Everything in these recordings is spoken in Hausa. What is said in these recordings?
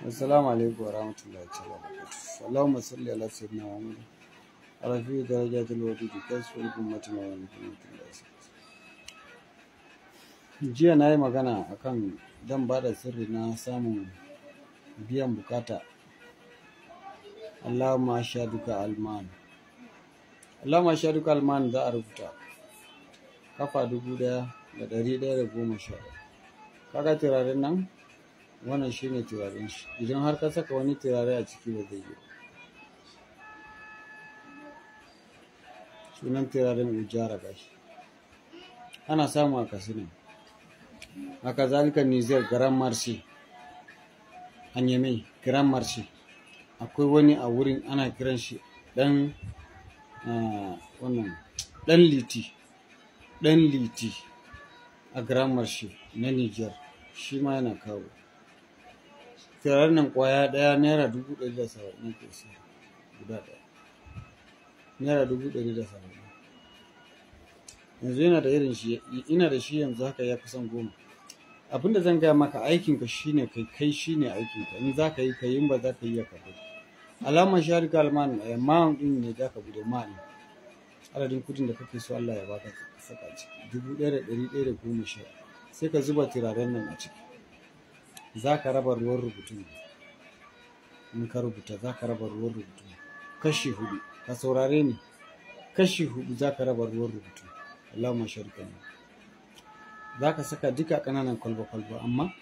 assalamu alaikum warahmatullahi ta'ala wabarakatuh allahumma salli ala sayyidina muhammad rafi darajatul wadud kasful ummatin wa jiya na yi magana akan dan bada sirri na samun biyan bukata allahumma shaduka alman za a rubuta kafa dubu daya da dari daya da goma sha ga turaren nan wannan shine turaren shi idan har ka saka wani turare a ciki ba zai yi sunan turaren ba shi. ana samu a kasinin haka zalika nizar garan marché an mai garan akwai wani a wurin ana kiran shi dan wannan dan liti dan liti a garan na Nijar. shi ma yana kawo Tirar nan kwaya ɗaya naira dubu ɗari da saba'in ke siya guda ɗaya. Naira dubu ɗari da saba'in. Yanzu yana da irin shi, ina da shi yanzu haka ya kusan goma. Abin da zan gaya maka aikinka shine kai kai shine aikinka in za ka yi ka yi ba za ka yi ya kafa. Alamar shahar kalman eh, ma'an ɗin ne za ka gudu ma'an. Adadin kudin da kake so Allah ya baka ka saka ciki dubu ɗaya da ɗari ɗaya da goma sha sai ka zuba tiraren nan a ciki. za ka raba ruwan rubutu in ka rubuta za ka raba ruwan rubutu kashi hudu ka saurare ni kashi hudu za ka raba ruwan rubutu Allahumma sharika za ka saka duka ƙananan kwalba-kwalba amma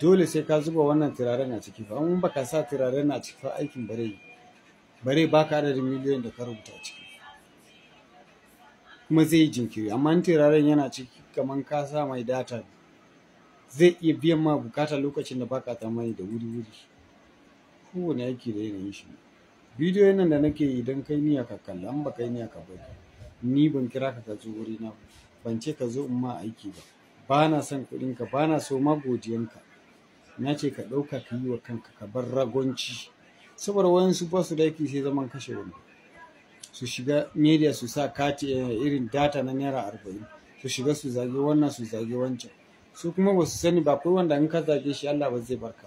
dole sai ka zuba wannan turaren a ciki fa in baka sa turaren a ciki fa aikin bare bare baka adadin miliyoyin da ka rubuta a ciki kuma zai yi jinkiri amma turaren yana ciki kamar ka sa mai data ne. zai iya biyan ma bukata lokacin da baka tsammani da wuri-wuri kowane aiki da yanayin shi bidiyo nan da nake yi don kai niya ka kalla an baka niya ka bari ni ban kira ka ka zo wuri na ban ce ka zo in ma aiki ba ba na son kuɗin ka ba na so ma ka na ce ka ɗauka ka yi wa kanka ka bar ragonci saboda wayansu ba su da yake sai zaman kashe wani su shiga media su sa kati eh, irin data na naira arba'in su shiga su zage wannan su zage wancan su kuma ba su sani ba akwai wanda in ka zage shi Allah ba zai barka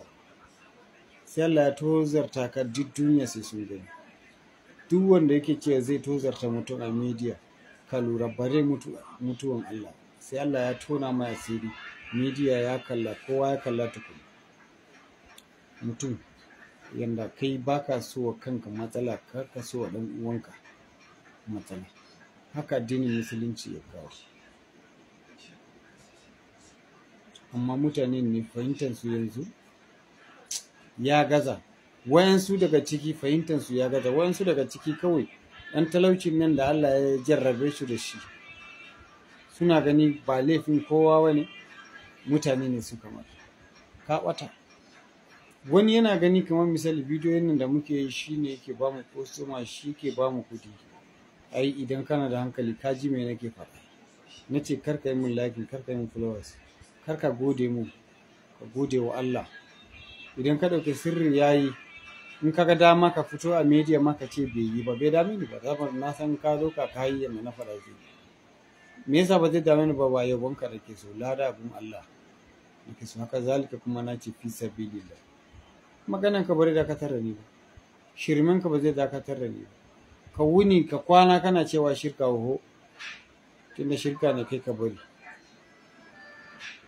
sai Allah ya tozarta ka duk duniya sai sun gani duk wanda yake ce zai tozarta mutum a media ka lura bare mutuwan Allah sai Allah ya tona ma asiri media ya kalla kowa ya kalla tukuna mutum yanda kai baka so wa kanka matsala ka so wa dan uwanka matsala haka addinin musulunci ya kawo amma mutanen ne fahimtansu yanzu ya gaza wayansu daga ciki fahimtansu ya gaza wayansu daga ciki kawai ɗan talaucin nan da Allah ya jarrabe su da shi suna gani ba laifin kowa wani mutane ne su kamar ka kwata. wani yana gani kamar misali bidiyo nan da muke yi shi ne yake ba mu kostoma shi ke ba mu kuɗi ai idan kana da hankali ka ji me nake faɗa na ce karka yi min lakin, karka yi min followers kar ka gode mu ka gode wa Allah idan ka ɗauki sirri ya yi in ka ga dama ka fito a media ma ka ce bai yi ba bai dami ni ba zama na san ka zo ka kayi yadda na fara ke me yasa ba zai dami ni ba ba da ke so lada abin Allah da ke so haka zalika kuma na ce fisa bilila maganan ka bari dakatar da ni ba ka ba zai dakatar da ni ka wuni ka kwana kana cewa shirka ho tunda shirka ne kai ka bari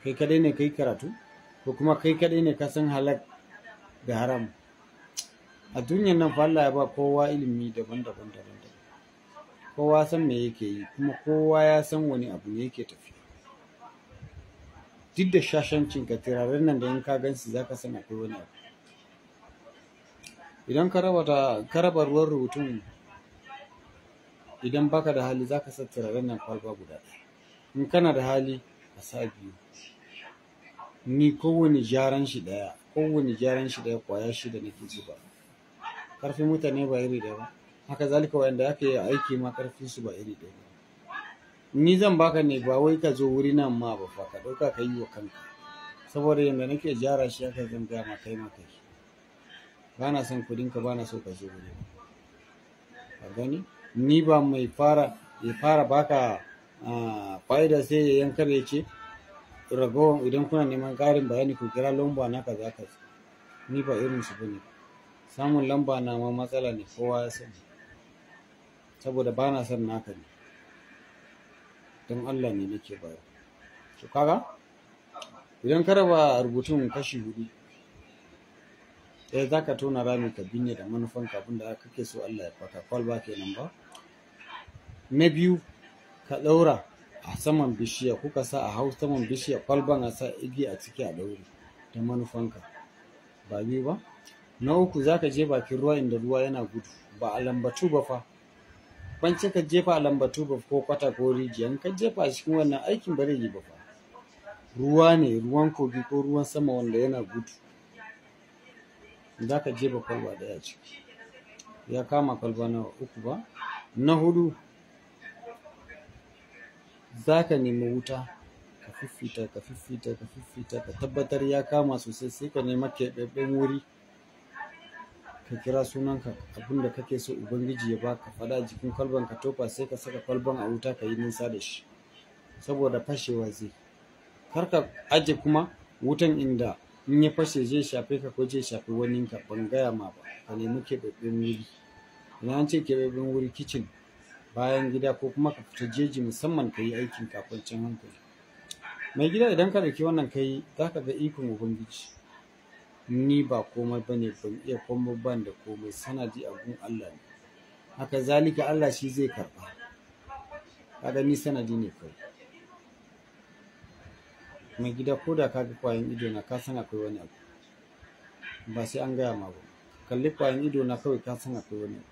kai kadai ne kai karatu ko kuma kai kadai ne ka san halak da haram a duniyar nan fa Allah ya ba kowa ilimi daban-daban daban kowa san me yake yi kuma kowa ya san wani abu ne yake tafi. duk da shashancin ka turaren nan da in ka gansu za ka san akwai wani abu idan ka raba ruwan rubutun idan baka da hali za ka sa turaren nan kwalba guda ɗaya in kana da hali ƙasa biyu ni kowane jaran shi ɗaya kowane jaran shi ɗaya kwaya shida nake zuba ƙarfin mutane ba iri ɗaya ba haka zalika wanda aka yi aiki ma ƙarfin su ba iri ɗaya ni zan baka ne ba wai ka zo wuri nan ma ba fa ka ɗauka ka yi wa kanka saboda yanda nake jara shi haka zan gaya ma kai ma kai ba na son kuɗinka ba na so ka zo wuri ba ni ba mai fara ya fara baka fa'ida sai ya yanka ya ce ragowar idan kuna neman ƙarin bayani ku kira lamba na kaza kaza ni ba irin su bane samun lamba na ma matsala ne kowa ya sani saboda ba na son naka ne don Allah ne nake bayar to kaga idan ka raba rubutun kashi hudu ɗaya eh za ka tona rami ka binne da manufan kafin da kake so Allah ya faka kwalba kenan ba na biyu ka ɗaura a saman bishiya kuka sa a hau saman bishiya kwalban a sa igiya a ciki a ɗaure da manufanka ba biyu ba na uku za ka je bakin ruwa inda ruwa yana gudu ba a lambatu ba fa ban ka jefa a lambatu ba ko kwata ko rijiyan ka jefa a cikin wannan aikin ba zai ba fa ruwa ne ruwan kogi ko ruwan sama wanda yana gudu za ka jefa kwalba ɗaya ciki ya kama kwalba na uku ba na hudu za ka nemi wuta ka fiffita ka fiffita ka fiffita ka tabbatar ya kama sosai sai ka nema keɓaɓɓen wuri ka kira sunanka abin da kake so ubangiji ya baka faɗa jikin kwalban ka tofa sai ka saka kwalban a wuta ka yi nisa da shi saboda fashewa zai kar ka aje kuma wutan inda in ya fashe zai shafe ka ko zai shafi waninka ban gaya ma ba ka nemi keɓaɓɓen wuri idan an ce keɓaɓɓen wuri kicin bayan gida ko kuma ka fita jeji musamman ka yi aikin kafancin hankali mai gida idan ka dauki wannan kai za ka ga ikon ubangiji ni ba komai bane ban iya komai ban da komai sanadi a gun Allah ne haka zalika Allah shi zai karba kaga ni sanadi ne kai mai gida ko da kaga kwayan ido na ka san akwai wani abu ba sai an gaya ma ba kalli kwayan ido na kawai ka san akwai wani abu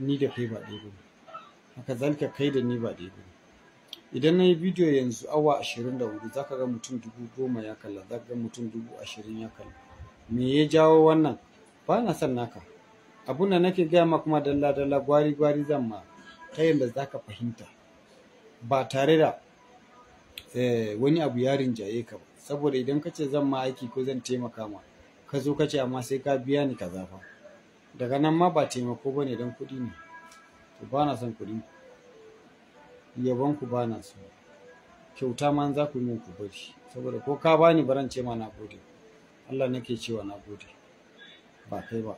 ni da kai ba ɗaya ba haka zalika kai da ni ba ɗaya ba idan na yi bidiyo yanzu awa ashirin da hudu za ka ga mutum dubu goma ya kalla za ka ga mutum dubu ashirin ya kalla me ya jawo wannan ba na son naka abun da nake gaya ma kuma dalla dalla gwari gwari zan ma ta yadda za ka fahimta ba tare da eh, wani abu ya rinjaye ka ba saboda idan ka ce zan ma aiki ko zan taimaka ma ka zo ka ce amma sai ka biya ni kaza fa daga nan ma ba taimako ba ne don kuɗi ne to ba na son kuɗi ku ba na so kyauta ma za ku yi min ku bari saboda ko ka bani baran ce ma na gode Allah nake cewa na gode ba kai ba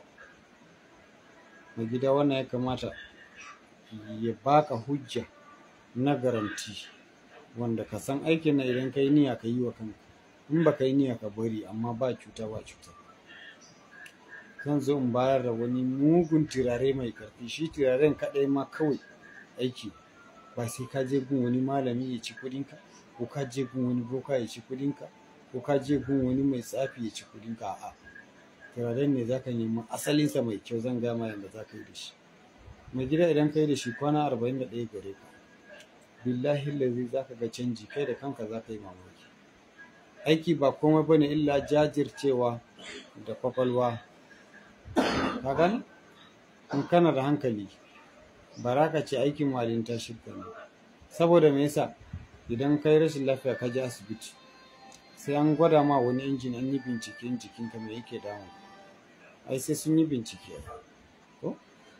mai gida wannan ya kamata ya baka hujja na garanti wanda ka san aikin na idan ka yi niyya ka yi wa kanka in ba ka yi niyya ka bari amma ba cuta ba cuta zan zo in bayar da wani mugun turare mai karfi shi turaren kaɗai ma kawai aiki ba sai ka je gun wani malami ya ci kuɗinka ko ka je gun wani boka ya ci kuɗinka ko ka je gun wani mai tsafi ya ci kuɗinka a'a turaren ne za ka nemi asalinsa mai kyau zan gama yadda za ka yi da shi mai gida idan ka yi da shi kwana arba'in da ɗaya gare ka billahi lazi za ka ga canji kai da kanka za ka yi mamaki aiki ba komai bane illa jajircewa da kwakwalwa kagan in kana da hankali bara ce aikin walinta shi kenan saboda me yasa idan kai rashin lafiya ka je asibiti sai an gwada ma wani injin an yi bincike jikinka me yake damu ai sai sun yi bincike ko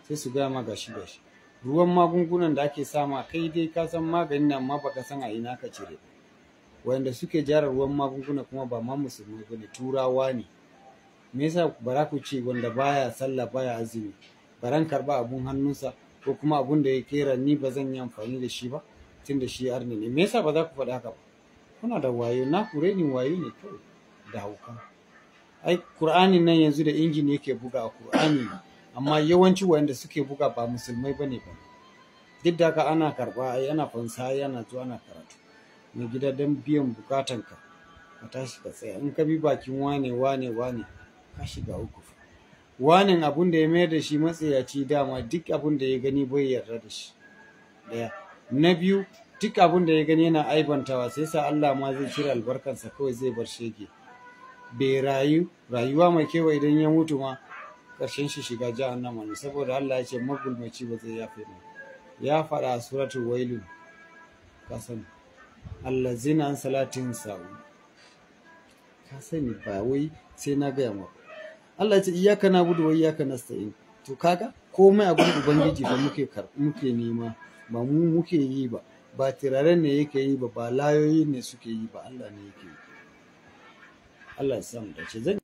sai su gaya ma gashi gashi ruwan magungunan da ake sama kai dai ka san maganin nan ma baka san a ina ka cire wanda suke jara ruwan magunguna kuma ba ma musulmi bane turawa ne me yasa bara ku ce wanda baya sallah baya azumi baran karba abun hannunsa ko kuma abun da ya kera ni ba zan yi amfani da shi ba tun da shi arni ne me yasa ba za ku faɗa haka ba kuna da wayo na ku ni, wayo ne kawai da hauka ai qur'ani nan yanzu da injin yake buga a qur'ani amma yawanci wayanda suke buga ba musulmai bane ba duk da haka ana karba ai ana fansa yana zuwa ana karatu mai gida don biyan bukatanka ka tashi ka tsaya in ka bi bakin wane wane wane shiga uku wanin abun da ya mayar da shi matsayaci dama duk abun da ya gani bai yarda da shi daya na biyu duk abun da ya gani yana aibantawa sai sa Allah ma zai cire albarkansa kawai zai bar shege bai rayu rayuwa mai kewa idan ya mutu ma ƙarshen shi shiga jahannama ne saboda Allah ya ce magulmaci ba zai yafe ba ya faɗa a suratul wailun ka sani allazina an salatin sa'u ka sani ba wai sai na gaya maka Allah ya ce iyyaka na'budu wa iyyaka nasta'in to kaga komai a gurin ubangiji da muke muke nema ba mu muke yi ba ba tiraren ne yake yi ba ba layoyi ne suke yi ba Allah ne yake yi Allah ya samu dace